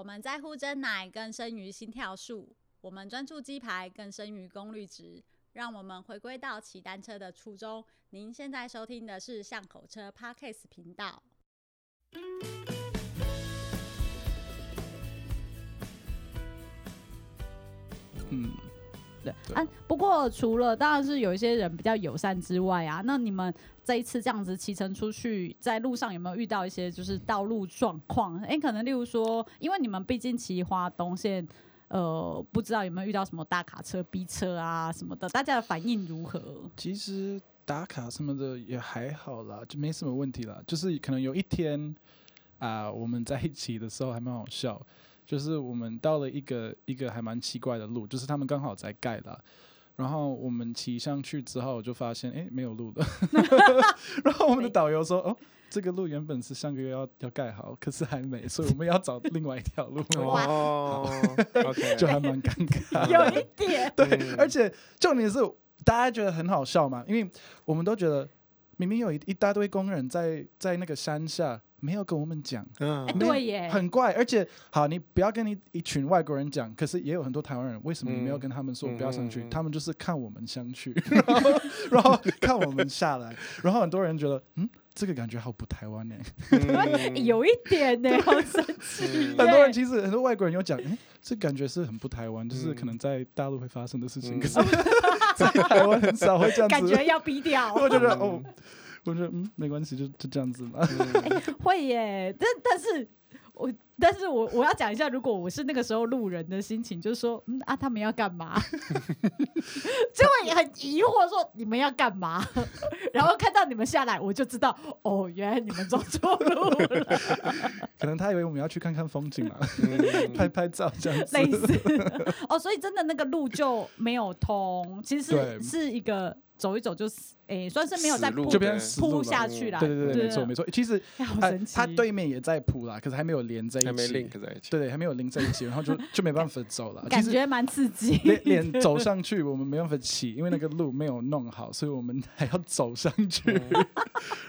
我們在乎珍奶，更勝於心跳數；我們專注雞排，更勝於功率值。讓我們回歸到騎單車的初衷。您現在收聽的是巷口車 Podcast 頻道。嗯對，啊，不過除了當然是有一些人比較友善之外啊，那你們這一次這樣子騎乘出去，在路上有沒有遇到一些就是道路狀況？哎，可能例如說，因為你們畢竟騎花東線，呃，不知道有沒有遇到什麼大卡車逼車啊什麼的，大家的反應如何？其實打卡什麼的也還好啦，就沒什麼問題啦。就是可能有一天啊，呃，我們在一起的時候還蠻好笑。就是我們到了一個一個還蠻奇怪的路，就是他們剛好在蓋的，然後我們騎上去之後，就發現，哎，沒有路了。然後 我們的導遊說哦，這個路原本是上個月要要蓋好，可是還沒，所以我們要找另外一條路。哦，就還蠻尷尬，有一點 對，而且重點是大家覺得很好笑嘛，因為我們都覺得明明有一一大堆工人在在那個山下。沒有跟我們講，嗯，對耶，很怪。而且，好，你不要跟你一群外國人講，可是也有很多台灣人，為什麼你沒有跟他們說不要上去？他們就是看我們上去，然後看我們下來，然後很多人覺得，嗯，這個感覺好不台灣呢，有一點呢，好生氣。很多人其實很多外國人有講，哎，這感覺是很不台灣，就是可能在大陸會發生的事情，可是在台灣很少會這樣感覺要逼掉，我覺得哦。我說嗯，沒關係，就就這樣子嘛。欸、會耶，但但是，我但是我我要講一下，如果我是那個時候路人的心情，就是說，嗯啊，他們要幹嘛？ 就會很疑惑說你們要幹嘛？然後看到你們下來，我就知道哦，原來你們走錯路了。可能他以為我們要去看看風景嘛，嗯、拍拍照這樣子類似。哦，所以真的那個路就沒有通，其實是，對是一個。走一走就是，哎，算是沒有在鋪，這邊鋪下去啦。對對對，沒錯沒錯。其實他對面也在鋪啦，可是還沒有連在一起，還對，還沒有連在一起，然後就就沒辦法走了。感覺蠻刺激。連連走上去，我們沒辦法起，因為那個路沒有弄好，所以我們還要走上去。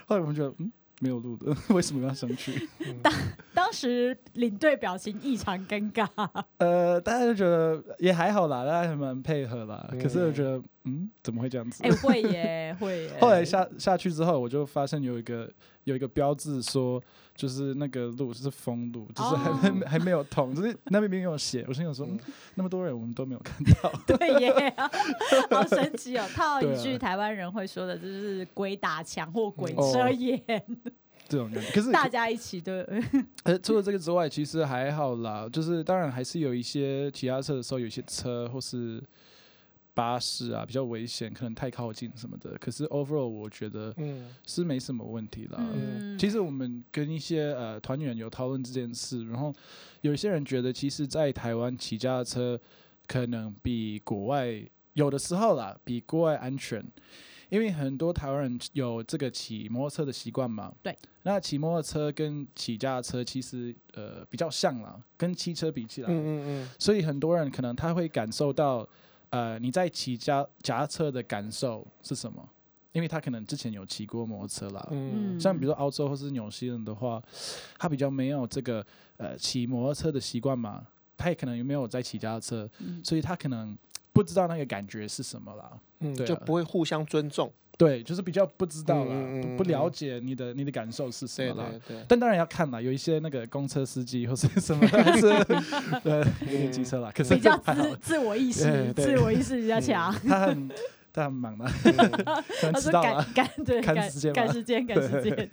後來我們覺得，嗯。沒有路的，為什麼要上去？當當時領隊表情異常尷尬。 呃，大家都覺得也還好啦，大家還蠻配合啦。嗯、可是我覺得，嗯，怎麼會這樣子？哎，會耶，會耶。後來下下去之後，我就發現有一個有一個標誌說。就是那個路，就是封路，就是還還還沒有通，oh. 就是那邊沒有寫。我心想說，那麼多人我們都沒有看到， 對耶，好神奇哦，喔。套一句台灣人會說的，就是鬼打牆或鬼遮眼。對、oh，這種感覺，可是大家一起的。呃，除了這個之外，其實還好啦。就是當然還是有一些騎車的時候，有一些車或是。巴士啊，比較危險，可能太靠近什麼的。可是 overall 我覺得是沒什麼問題了。嗯。其實我們跟一些呃團員有討論這件事，然後有一些人覺得，其實，在台灣騎腳踏車可能比國外有的時候啦，比國外安全，因為很多台灣人有這個騎摩托車的習慣嘛。對。那騎摩托車跟騎腳踏車其實呃比較像啦，跟汽車比起來。嗯嗯嗯。所以很多人可能他會感受到。呃，你在騎腳踏車的感受是什麼？因為他可能之前有騎過摩托車啦，嗯，像比如說澳洲或是紐西蘭的話，他比較沒有這個呃騎摩托車的習慣嘛，他也可能也沒有在騎腳踏車，嗯、所以他可能不知道那個感覺是什麼啦，對啊、嗯，就不會互相尊重。對，就是比較不知道了，不不了解你的你的感受是什麼了。但當然要看了，有一些那個公車司機或是什麼，但是對有點機車了，可是比較自自我意識，自我意識比較強。他很，他很忙的。他說趕趕對趕時間趕時間趕時間。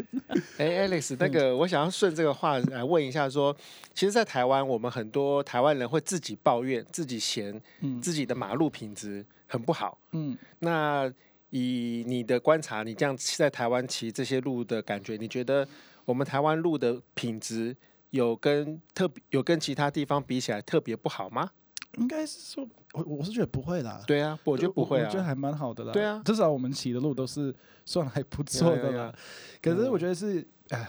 哎，Alex，那個我想要順這個話來問一下，說，其實，在台灣，我們很多台灣人會自己抱怨，自己嫌自己的馬路品質很不好。嗯，那。以你的觀察，你這樣在台灣騎這些路的感覺，你覺得我們台灣路的品質有跟特別有跟其他地方比起來特別不好嗎？應該是說，我我是覺得不會啦。對啊，我覺得不會啊，我，我覺得還蠻好的啦。對啊，至少我們騎的路都是算還不錯的啦。啊啊、可是我覺得是，哎，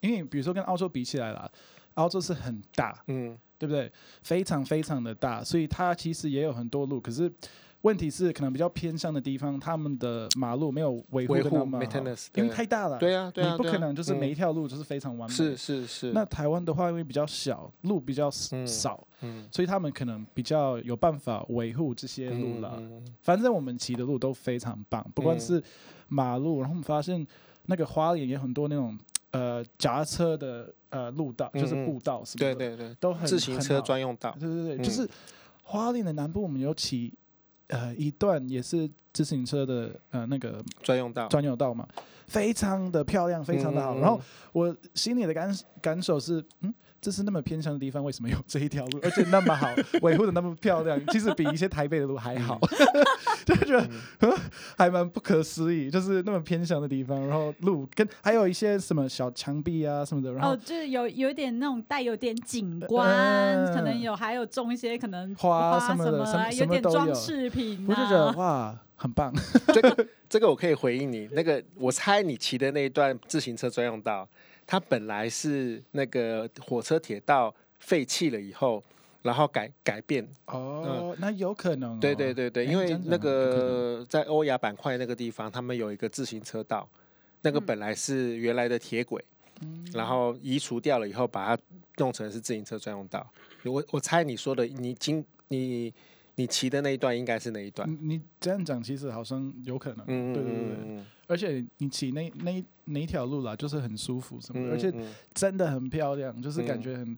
因為比如說跟澳洲比起來啦，澳洲是很大，嗯，對不對？非常非常的大，所以它其實也有很多路。可是。問題是可能比較偏鄉的地方，他們的馬路沒有維護的那麼好，維護，因為太大了。對啊，對啊，你不可能就是每一條路就是非常完美。是是是。那台灣的話，因為比較小，嗯、路比較少，嗯，所以他們可能比較有辦法維護這些路了。嗯嗯、反正我們騎的路都非常棒，不管是馬路，然後我們發現那個花蓮也有很多那種呃夾車的呃路道，就是步道是不是？對對對，都很自行車專用道。對對對，就是花蓮的南部，我們有騎。呃，一段也是自行車的呃那個專用道，專用道嘛，非常的漂亮，非常的好。嗯嗯，然後我心裡的感感受是，嗯。這是那麼偏鄉的地方，為什麼有這一條路，而且那麼好維護的那麼漂亮？其實比一些台北的路還好， 就覺得還蠻不可思議。就是那麼偏鄉的地方，然後路跟還有一些什麼小牆壁啊什麼的，然後、哦、就是有有一點那種帶有點景觀，嗯、可能有還有種一些可能花什麼什麼，的什麼的有，有點裝飾品、啊。我就覺得哇，很棒。 這個、這個我可以回應你。那個我猜你騎的那一段自行車專用道。它本來是那個火車鐵道廢棄了以後，然後改改變哦，那有可能、哦。對對對對，因為那個在歐亞板塊那個地方，他們有一個自行車道，那個本來是原來的鐵軌，嗯、然後移除掉了以後，把它弄成是自行車專用道。我我猜你說的你經你你騎的那一段應該是那一段你。你這樣講，其實好像有可能。對對嗯，對對對。而且你騎那那那一條路啦，就是很舒服什麼的，而且真的很漂亮，就是感覺很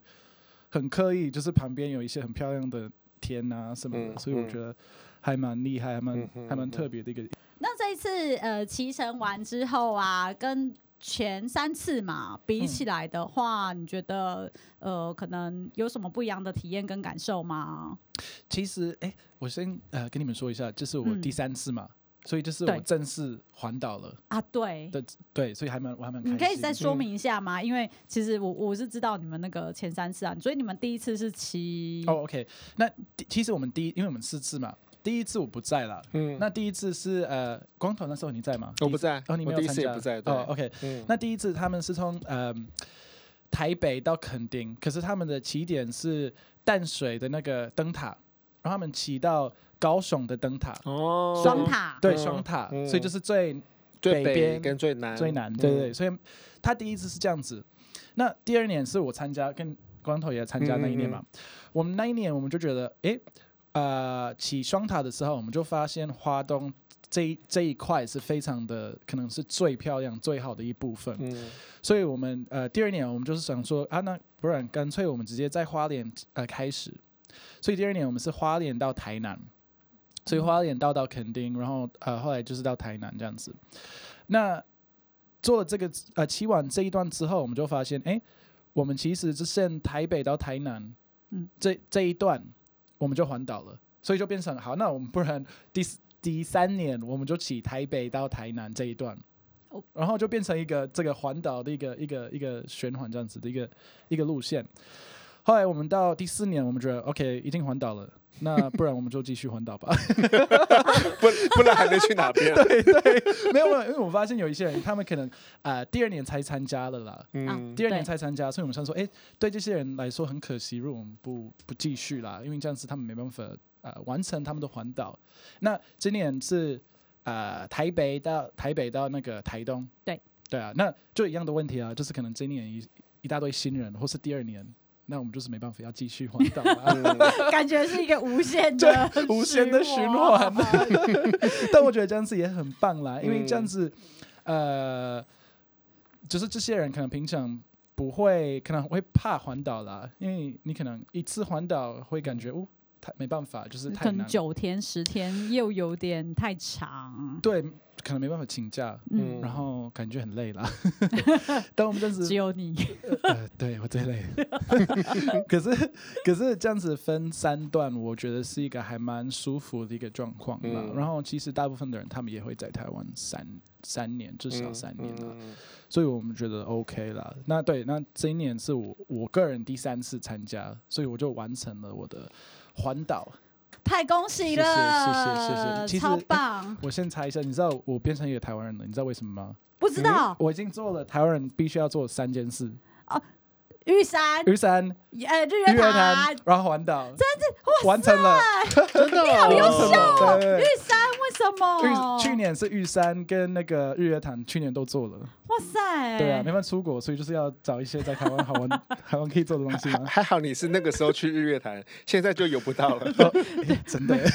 很刻意，就是旁邊有一些很漂亮的天啊什麼的，所以我覺得還蠻厲害，還蠻還蠻特別的一個。那這一次呃，騎乘完之後啊，跟前三次嘛比起來的話，嗯、你覺得呃，可能有什麼不一樣的體驗跟感受嗎？其實，哎、欸，我先呃跟你們說一下，這是我第三次嘛。所以就是我正式環島了對對啊！對，對對，所以還蠻我還蠻開心。你可以再說明一下嗎？嗯、因為其實我我是知道你們那個前三次啊，所以你們第一次是騎哦、Oh, OK 那。那其實我們第一因為我們四次嘛，第一次我不在了。嗯，那第一次是呃光頭那時候你在嗎？我不在然後、哦、你們第一次也不在。對、Oh, OK。嗯、那第一次他們是從呃台北到墾丁，可是他們的起點是淡水的那個燈塔，然後他們騎到。高雄的燈塔哦，雙塔，對雙塔，所以就是最北最北邊跟最南最南、嗯、對，對對。所以他第一次是這樣子，那第二年是我參加跟光頭也參加那一年嘛。嗯嗯嗯，我們那一年我們就覺得，哎、欸，呃，起雙塔的時候，我們就發現花東這一這一塊是非常的，可能是最漂亮最好的一部分。嗯、所以我們呃第二年我們就是想說，啊，那不然乾脆我們直接在花蓮呃開始。所以第二年我們是花蓮到台南。所以花蓮到到墾丁，然後呃，後來就是到台南這樣子。那做了這個呃，騎完這一段之後，我們就發現，哎，我們其實只剩台北到台南，嗯，這這一段我們就環島了。所以就變成好，那我們不然第第三年我們就騎台北到台南這一段，然後就變成一個這個環島的一個一個一個循環這樣子的一個一個路線。後來我們到第四年，我們覺得 OK，已經環島了。 那不然我們就繼續環島吧， 不，不然還能去哪邊啊？ 對對，沒有沒有，因為我發現有一些人，他們可能啊、呃、第二年才參加了啦，嗯，第二年才參加，所以我們想說，哎對，對這些人來說很可惜，如果我們不不繼續啦，因為這樣子他們沒辦法呃完成他們的環島。那今年是啊、呃、台北到台北到那個台東，對對啊，那就一樣的問題啊，就是可能今年一一大堆新人，或是第二年。那我們就是沒辦法要繼續環島了， 感覺是一個無限的、 無限的循環。 但我覺得這樣子也很棒啦，因為這樣子，對呃，就是這些人可能平常不會，可能會怕環島啦，因為你可能一次環島會感覺，哦，太沒辦法，就是太難，可能九天十天又有點太長。對。可能沒辦法請假，嗯，然後感覺很累啦。 但我們認、就是只有你，呃、對我最累。 可是，可是這樣子分三段，我覺得是一個還蠻舒服的一個狀況、嗯、然後，其實大部分的人他們也會在台灣三三年至少三年了，嗯、所以我們覺得 OK 了。那對，那這一年是我我個人第三次參加，所以我就完成了我的環島。太恭喜了！謝謝謝謝謝謝，謝謝謝謝其實超棒！我先猜一下，你知道我變成一個台灣人了，你知道為什麼嗎？不知道、嗯，我已經做了台灣人必須要做三件事。哦、啊，玉山，玉山，呃、哎，日月潭，潭，然後環島，真的哇，完成了，真的、哦、 你好優秀，哦。對對玉山。什麼？去，去年是玉山跟那個日月潭，去年都做了。哇塞、欸！對啊，沒辦法出國，所以就是要找一些在台灣好玩、 台灣可以做的東西還。還好你是那個時候去日月潭， 現在就游不到了。喔欸、真的、欸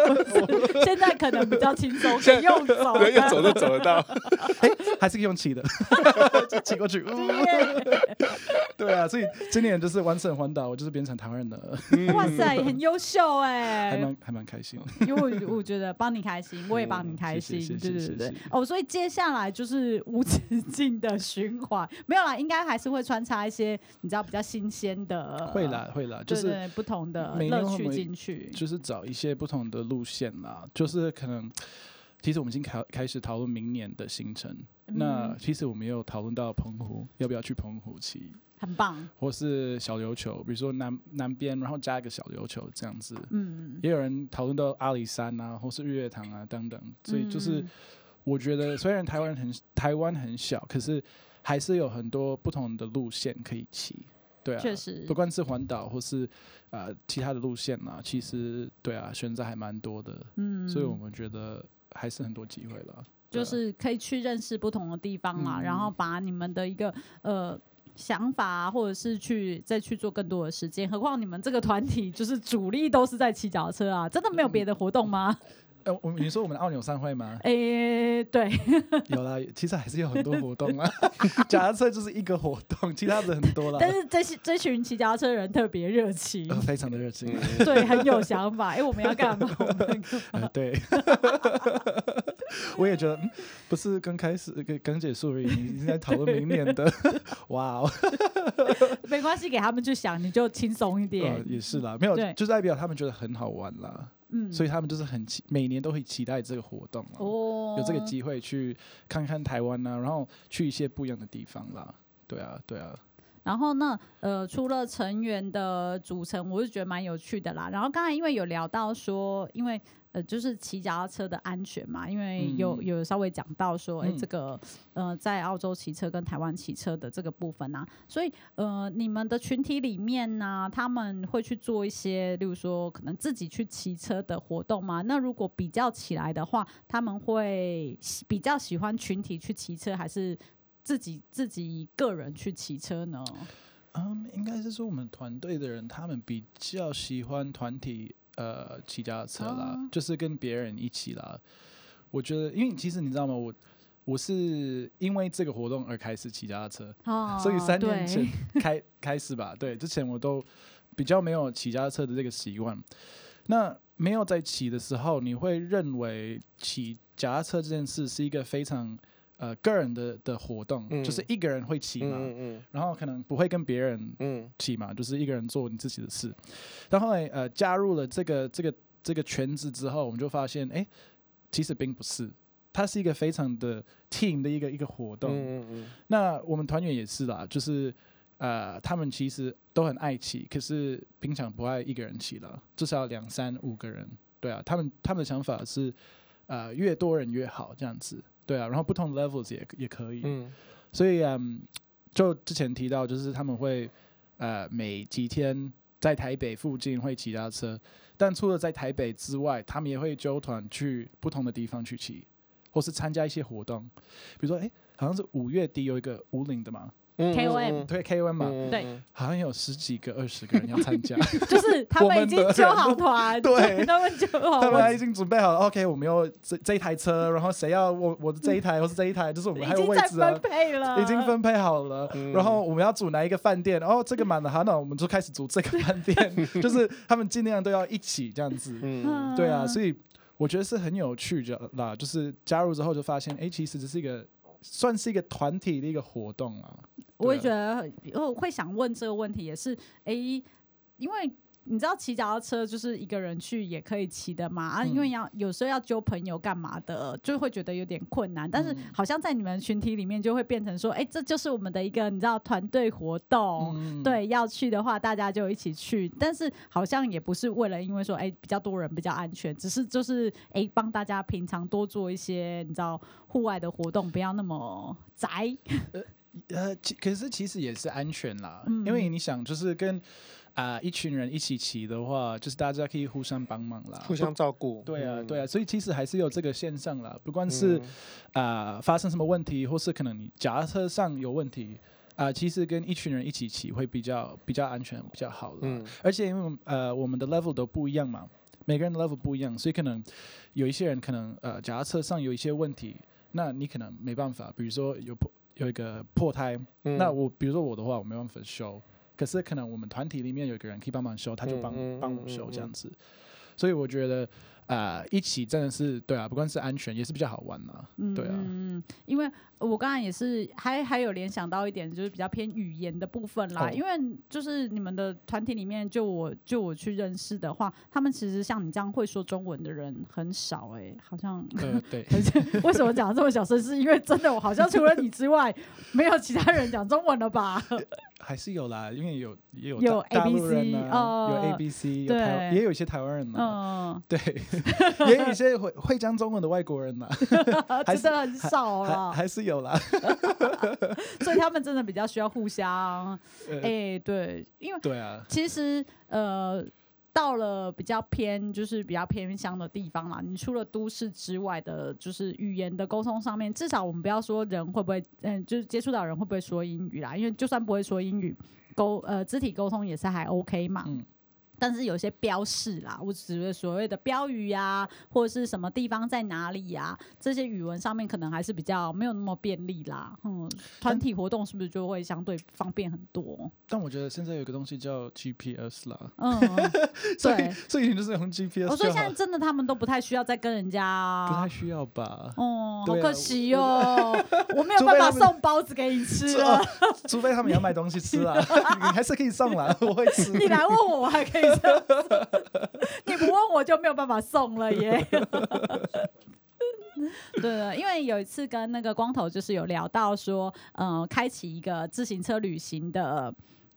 現在可能比較輕鬆，可以用走可以走都走得到。 欸、還是用騎的，就 騎過去。嗯、Yeah 對啊，所以今年就是完成環島，我就是變成台灣人了。 哇塞，很優秀哎、欸，還蠻還蠻開心。因為 我，我覺得幫你開。開心，我也幫你開心，嗯、謝謝，對對對哦，所以接下來就是無止境的循環， 沒有啦，應該還是會穿插一些你知道比較新鮮的會。會啦會啦，對對對，就是不同的樂趣進去，就是找一些不同的路線啦。就是可能，其實我們已經開開始討論明年的行程。嗯、那其實我們也有討論到澎湖，要不要去澎湖騎？很棒，或是小琉球，比如說南南邊，然後加一個小琉球這樣子，嗯，也有人討論到阿里山啊，或是日月潭啊等等，所以就是我覺得雖然台灣很台灣很小，可是還是有很多不同的路線可以騎，對啊，確實，不管是環島或是、呃、其他的路線嘛、啊，其實對啊選擇還蠻多的，嗯，所以我們覺得還是很多機會了，啊、就是可以去認識不同的地方嘛，嗯、然後把你們的一個呃。想法、啊，或者是去再去做更多的時間。何況你們這個團體就是主力都是在騎腳車啊，真的沒有別的活動嗎？嗯、呃，我們你說我們澳紐商會嗎？誒、欸，對，有啦，其實還是有很多活動啊。腳車 就是一個活動， 其他的很多了。但是這些這群騎腳車的人特別熱情、呃，非常的熱情，嗯、對， 很有想法。哎、欸，我們要幹嘛？我們、呃，對。 我也覺得，嗯、不是剛開始剛結束而已，你已經在討論明年的。哇 Wow， 沒關係，給他們去想，你就輕鬆一點、呃。也是啦，沒有，對就是代表他們覺得很好玩啦。嗯，所以他們就是很期，每年都會期待這個活動哦。有這個機會去看看台灣啦、啊，然後去一些不一樣的地方啦。對啊，對啊。然後呢，呃，除了成員的組成，我是覺得蠻有趣的啦。然後剛才因為有聊到說，因為。呃，就是騎腳踏車的安全嘛，因為有有，有稍微講到說，哎、欸，這個呃，在澳洲騎車跟台灣騎車的這個部分啊，所以呃，你們的群體裡面呢、啊，他們會去做一些，例如說可能自己去騎車的活動嘛。那如果比較起來的話，他們會比較喜歡群體去騎車，還是自己自己個人去騎車呢？嗯，um, 應該是說我們團隊的人，他們比較喜歡團體。呃，騎腳踏車啦，oh. 就是跟別人一起啦。我覺得，因為其實你知道嗎？我我是因為這個活動而開始騎腳踏車，oh, 所以三年前對開開始吧。對，之前我都比較沒有騎腳踏車的這個習慣。那沒有在騎的時候，你會認為騎腳踏車這件事是一個非常……呃，個人的的活動、嗯、就是一個人會騎嘛，嗯嗯嗯、然後可能不會跟別人騎嘛，嗯、就是一個人做你自己的事。但後來呃，加入了這個這個這個圈子之後，我們就發現，哎、欸，其實並不是，它是一個非常的 team 的一個一個活動。嗯嗯嗯、那我們團員也是啦，就是呃，他們其實都很愛騎，可是平常不愛一個人騎啦，至少要兩三五個人，對啊，他們他們的想法是，呃，越多人越好這樣子。對啊，然後不同的 levels 也也可以，嗯、所以嗯，um, 就之前提到，就是他們會呃每幾天在台北附近會騎單車，但除了在台北之外，他們也會揪團去不同的地方去騎，或是參加一些活動，比如說哎，好像是五月底有一個武嶺的嘛。K O M，對，K O M 嘛，對，好像有十幾個、二十個人要參加，就是他們已經揪好團，對，他們就他們已經準備好了。O K，我們要這這一台車，然後誰要我我的這一台，或是這一台，就是我們還有位置啊，已經分配了，已經分配好了。然後我們要組哪一個飯店？哦，這個滿了，好，那我們就開始組這個飯店。就是他們盡量都要一起這樣子，嗯，對啊，所以我覺得是很有趣的啦，就是加入之後就發現，哎，其實這是一個。算是一個團體的一個活動啊，啊、我也覺得，我會想問這個問題，也是誒、欸，因為。你知道騎腳踏車就是一個人去也可以騎的嘛。啊，因為要有時候要揪朋友幹嘛的，就會覺得有點困難。但是好像在你們群體裡面，就會變成說，哎、欸，這就是我們的一個你知道團隊活動。嗯、對，要去的話大家就一起去。但是好像也不是為了，因為說哎、欸、比較多人比較安全，只是就是哎幫、欸、大家平常多做一些你知道戶外的活動，不要那麼宅、呃。呃呃，其，可是其實也是安全啦，嗯、因為你想就是跟。啊，uh, 一群人一起騎的話，就是大家可以互相幫忙啦，互相照顧。不對啊，對啊，所以其實還是有這個現象了。不管是啊、嗯 uh, 發生什麼問題，或是可能你腳踏車上有問題啊，uh, 其實跟一群人一起騎會比較比較安全，比較好了。嗯、而且因為呃我們的 level 都不一樣嘛，每個人的 level 不一樣，所以可能有一些人可能呃腳踏車上有一些問題，那你可能沒辦法。比如說有破有一個破胎，嗯、那我比如說我的話，我沒辦法修。可是可能我們團體裡面有一個人可以幫忙修，他就幫幫、嗯、我修這樣子，嗯嗯嗯嗯、所以我覺得啊、呃，一起真的是對啊，不管是安全也是比較好玩嘛、啊，對啊，嗯因為我剛才也是還還有聯想到一點，就是比較偏語言的部分啦。哦、因為就是你們的團體裡面，就我就我去認識的話，他們其實像你這樣會說中文的人很少哎、欸，好像、呃、對， 而且為什麼講這麼小聲？是因為真的，我好像除了你之外，沒有其他人講中文了吧？ 還是有啦，因為有有大陸人啊，有 A B C，有台灣，也有一些台灣人嘛，對，也有一些會會講中文的外國人嘛，還是很少啦，還是有啦，所以他們真的比較需要互相，哎，對，因為對啊，其實呃。到了比較偏，就是比較偏鄉的地方嘛，你除了都市之外的，就是語言的溝通上面，至少我們不要說人會不會，嗯，就是接觸到人會不會說英語啦，因為就算不會說英語，溝呃肢體溝通也是還 OK 嘛。嗯但是有些標示啦，我指的所謂的標語呀、啊，或者是什麼地方在哪裡呀、啊，這些語文上面可能還是比較沒有那麼便利啦。嗯，團體活動是不是就會相對方便很多？但，但我覺得現在有個東西叫 GPS 啦。嗯，對，所以，所以你就是用 GPS。我說、哦、現在真的他們都不太需要再跟人家、啊，不太需要吧？哦、嗯，啊、好可惜哦、喔，我，我，我沒有辦法送包子給你吃了，除非，除，哦、除非他們要買東西吃啊， 你還是可以送啦，我會吃。你來問我， 我還可以。 你不問我就沒有辦法送了耶。 對了，因為有一次跟那個光頭就是有聊到說，嗯、呃，開啟一個自行車旅行的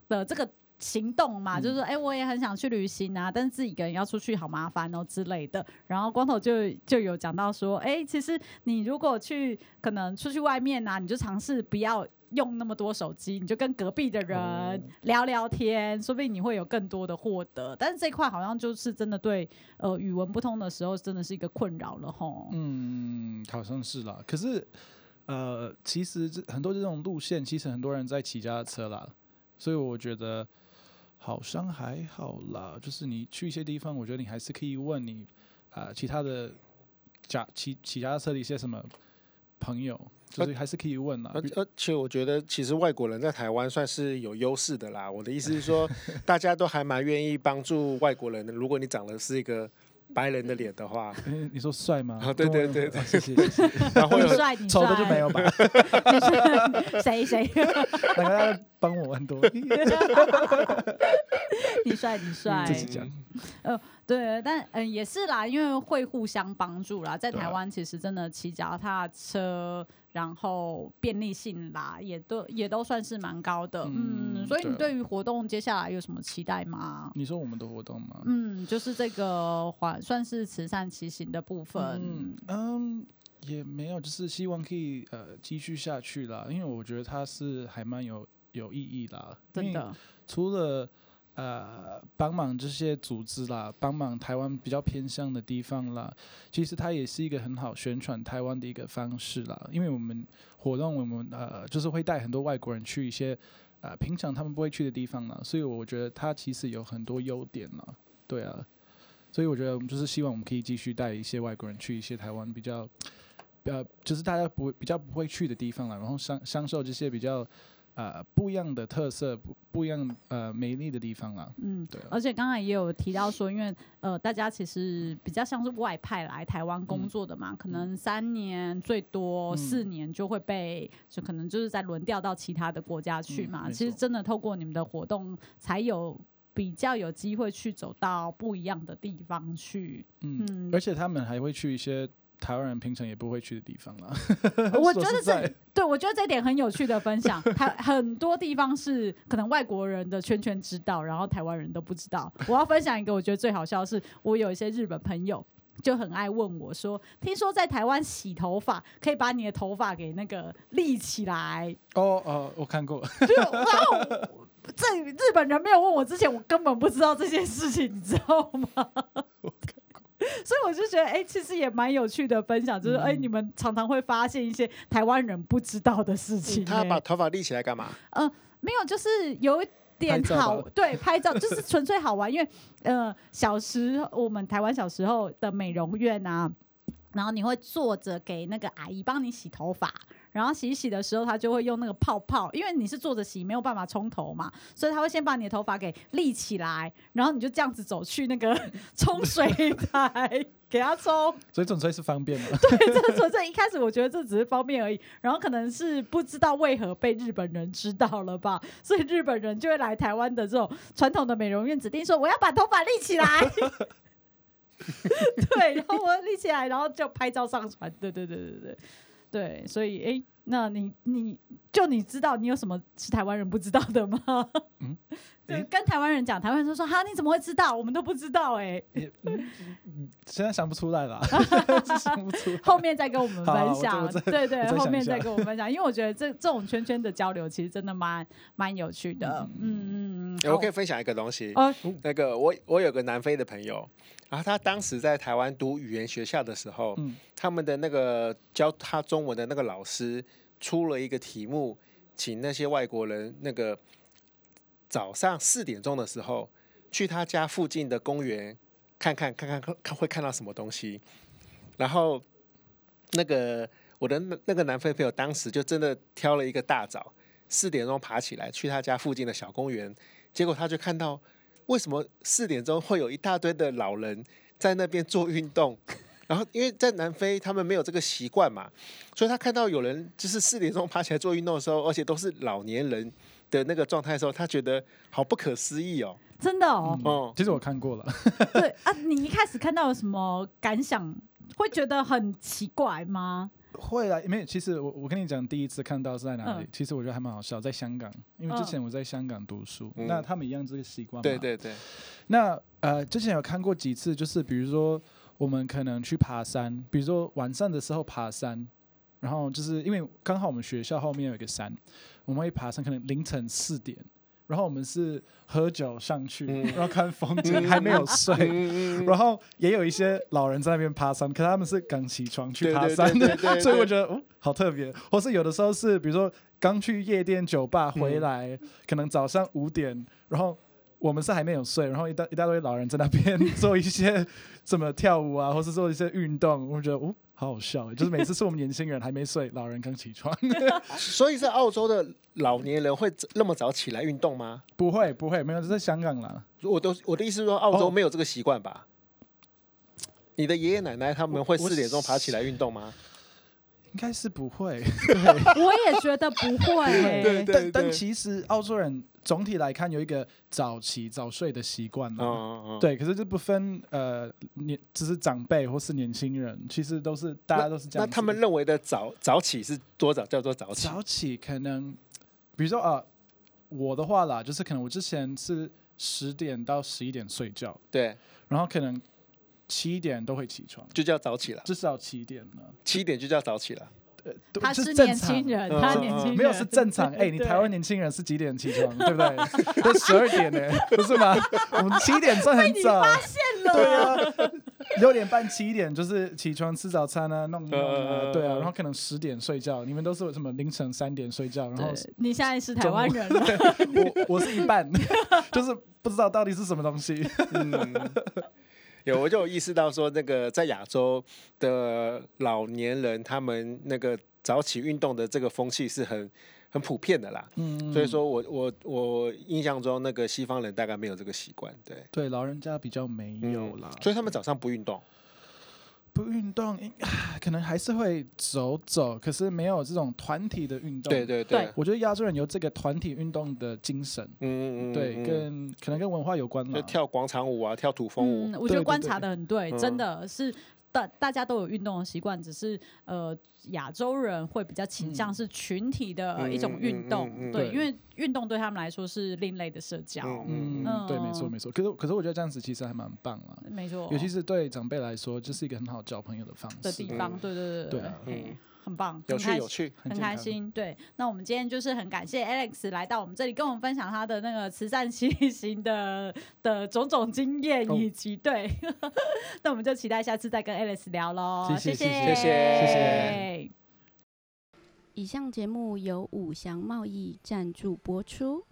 的這個行動嘛，嗯、就是說，哎、欸，我也很想去旅行啊，但是自己一個人要出去好麻煩哦之類的。然後光頭就就有講到說，哎、欸，其實你如果去可能出去外面啊，你就嘗試不要。用那麼多手機，你就跟隔壁的人聊聊天，哦、說不定你會有更多的獲得。但是這塊好像就是真的對，呃，語文不通的時候真的是一個困擾了吼。嗯，好像是啦。可是，呃，其實這很多這種路線，其實很多人在騎家的車啦，所以我覺得好像還好啦。就是你去一些地方，我覺得你還是可以問你啊、呃、其他的駕騎、騎家的車的一些什麼。朋友，所、就、以、是、還是可以問啦啊。而、啊、且我覺得，其實外國人在台灣算是有優勢的啦。我的意思是說，大家都還蠻願意幫助外國人的。如果你長得是一個白人的臉的話，欸、你說帥嗎、哦？對對對，對，對，謝謝、啊。 然後有，醜的就沒有吧？你帥，誰誰？大家幫我很多。你帥，你帥。嗯、自己講。呃、嗯。對，但嗯也是啦，因為會互相幫助啦。在台灣其實真的騎腳踏車，然後便利性啦，也都也都算是蠻高的。嗯，嗯，所以你對於活動接下來有什麼期待嗎？你說我們的活動嗎？嗯，就是這個還，算是慈善騎行的部分嗯嗯。嗯，也沒有，就是希望可以呃繼續下去啦，因為我覺得它是還蠻有有意義的。真的，除了。呃，幫忙這些組織啦，幫忙台灣比較偏鄉的地方啦，其實它也是一個很好宣傳台灣的一個方式啦，因為我們活動，我們呃，就是會帶很多外國人去一些，呃，平常他們不會去的地方啦。所以我覺得它其實有很多優點啦。對啊，所以我覺得我們就是希望我們可以繼續帶一些外國人去一些台灣比較，呃，就是大家不比較不會去的地方啦，然後相享受這些比較。呃，不一樣的特色，不，不一樣呃，美麗的地方啦。嗯，對、啊。而且剛才也有提到說，因為呃，大家其實比較像是外派來台灣工作的嘛，嗯、可能三年最多四年就會被，嗯、就可能就是在輪調到其他的國家去嘛。嗯、其實真的透過你們的活動，才有比較有機會去走到不一樣的地方去。嗯，嗯，而且他們還會去一些。台灣人平常也不會去的地方了，我覺得這對，我覺得這一點很有趣的分享。很很多地方是可能外國人的圈圈知道，然後台灣人都不知道。我要分享一個我覺得最好笑的是，我有一些日本朋友就很愛問我說：“聽說在台灣洗頭髮可以把你的頭髮給那個立起來。”哦哦，我看過。就然後在日本人沒有問我之前，我根本不知道這件事情，你知道嗎？ 所以我就覺得，哎、欸，其實也蠻有趣的分享，就是哎、欸，你們常常會發現一些台灣人不知道的事情、欸。他把頭髮立起來幹嘛？嗯、呃，沒有，就是有一點好，對，拍照，就是純粹好玩。 因為，呃，小時我們台灣小時候的美容院吶、啊。然後你會坐着給那個阿姨幫你洗頭髮，然後洗一洗的時候，她就會用那個泡泡，因為你是坐着洗，沒有辦法沖頭嘛，所以她會先把你的頭髮給立起來，然後你就這樣子走去那個沖水台，是給她沖。所以純粹是方便的。對，這從這一開始我覺得這只是方便而已，然後可能是不知道為何被日本人知道了吧，所以日本人就會來台灣的這種傳統的美容院指定說，我要把頭髮立起來。 對，然後我立起來，然後就拍照上傳。對，對，對，對，對，對。所以，哎，那你，你就你知道，你有什麼是台灣人不知道的嗎？對，跟台灣人講，台灣人說說哈，你怎麼會知道？我們都不知道。哎，現在想不出來了，想不出。後面再跟我們分享。對對，後面再跟我們分享。因為我覺得這這種圈圈的交流，其實真的蠻蠻有趣的。嗯嗯嗯。我可以分享一個東西。哦，那個我我有個南非的朋友。然後他當時在台灣讀語言學校的時候，他們的那個教他中文的那個老師出了一個題目，請那些外國人，那個早上四點鐘的時候去他家附近的公園看看看看看會看到什麼東西。然後那個我的那個南非朋友當時就真的挑了一個大早，四點鐘爬起來去他家附近的小公園，結果他就看到。為什麼四點鐘會有一大堆的老人在那邊做運動？然後因為在南非，他們沒有這個習慣嘛，所以他看到有人就是四點鐘爬起來做運動的時候，而且都是老年人的那個狀態的時候，他覺得好不可思議哦，真的哦，哦、嗯，其實我看過了。 對啊，你一開始看到有什麼感想？會覺得很奇怪嗎？會啊，沒有。其實我我跟你講，第一次看到是在哪裡？嗯、其實我覺得還蠻好笑，在香港，因為之前我在香港讀書，嗯、那他們一樣這個習慣嘛。對對對。那呃，之前有看過幾次，就是比如說我們可能去爬山，比如說晚上的時候爬山，然後就是因為剛好我們學校後面有一個山，我們會爬山，可能凌晨四點。然後我們是喝酒上去，嗯、然後看風景，還沒有睡。嗯嗯、然後也有一些老人在那邊爬山，可他們是剛起床去爬山，所以我覺得哦，好特別。或是有的時候是，比如說剛去夜店酒吧回來，嗯、可能早上五點，然後我們是還沒有睡，然後一大一大堆老人在那邊做一些什麼跳舞啊，或是做一些運動，我們覺得哦。好好笑、欸，就是每次是我們年輕人 還沒睡，老人剛起床。 所以，在澳洲的老年人會那麼早起來運動嗎？不會，不會，沒有。在香港啦，我都我的意思是說，澳洲沒有這個習慣吧？哦、你的爺爺奶奶他們會四點鐘爬起來運動嗎？應該是不會。 我也覺得不會、欸。 對，對，對，對，但但其實澳洲人。總體來看，有一個早起早睡的習慣嘛，對。可是就不分呃年，只是長輩或是年輕人，其實都是大家都是這樣的那。那他們認為的早早起是多早，叫做早起？早起可能，比如說啊、呃，我的話啦，就是可能我之前是十點到十一點睡覺，對，然後可能七點都會起床，就叫早起了，至少七點了，七點就叫早起了。他是年輕人，他年輕沒有是正常。哎，你台灣年輕人是幾點起床，對不對？都十二點呢，不是嗎？我們七點算很早。被你發現了。對啊，六點半、七點就是起床吃早餐啊，弄弄啊，對啊，然後可能十點睡覺。你們都是什麼凌晨三點睡覺？然後你現在是台灣人嗎？對，我我是一半，就是不知道到底是什麼東西。 有，我就有意識到說，那個在亞洲的老年人，他們那個早起運動的這個風氣是很很普遍的啦。嗯，所以說我我我印象中，那個西方人大概沒有這個習慣。對，對，老人家比較沒有啦。嗯，所以他們早上不運動。不運動，可能還是會走走，可是沒有這種團體的運動。對對對，我覺得亞洲人有這個團體運動的精神。嗯嗯嗯，對，跟可能跟文化有關嘛，就跳廣場舞啊，跳土風舞、嗯。我覺得觀察的很對，對對對對真的、嗯、是。大家都有運動的習慣，只是呃，亞洲人會比較傾向是群體的、嗯、一種運動，嗯嗯嗯嗯嗯、對，對因為運動對他們來說是另類的社交。嗯，嗯對，嗯、沒錯，沒錯。可是，可是我覺得這樣子其實還蠻棒啊，沒錯、哦，尤其是對長輩來說，這、就是一個很好交朋友的方式。的地方，對對對對，對、啊。很棒，有趣有趣，很開心。對，那我們今天就是很感謝 Alex 來到我們這裡，跟我們分享他的那個慈善騎行的的種種經驗，以及 Go. 對。 那我們就期待下次再跟 Alex 聊嘍。謝謝謝謝謝謝。以上節目由五祥貿易贊助播出。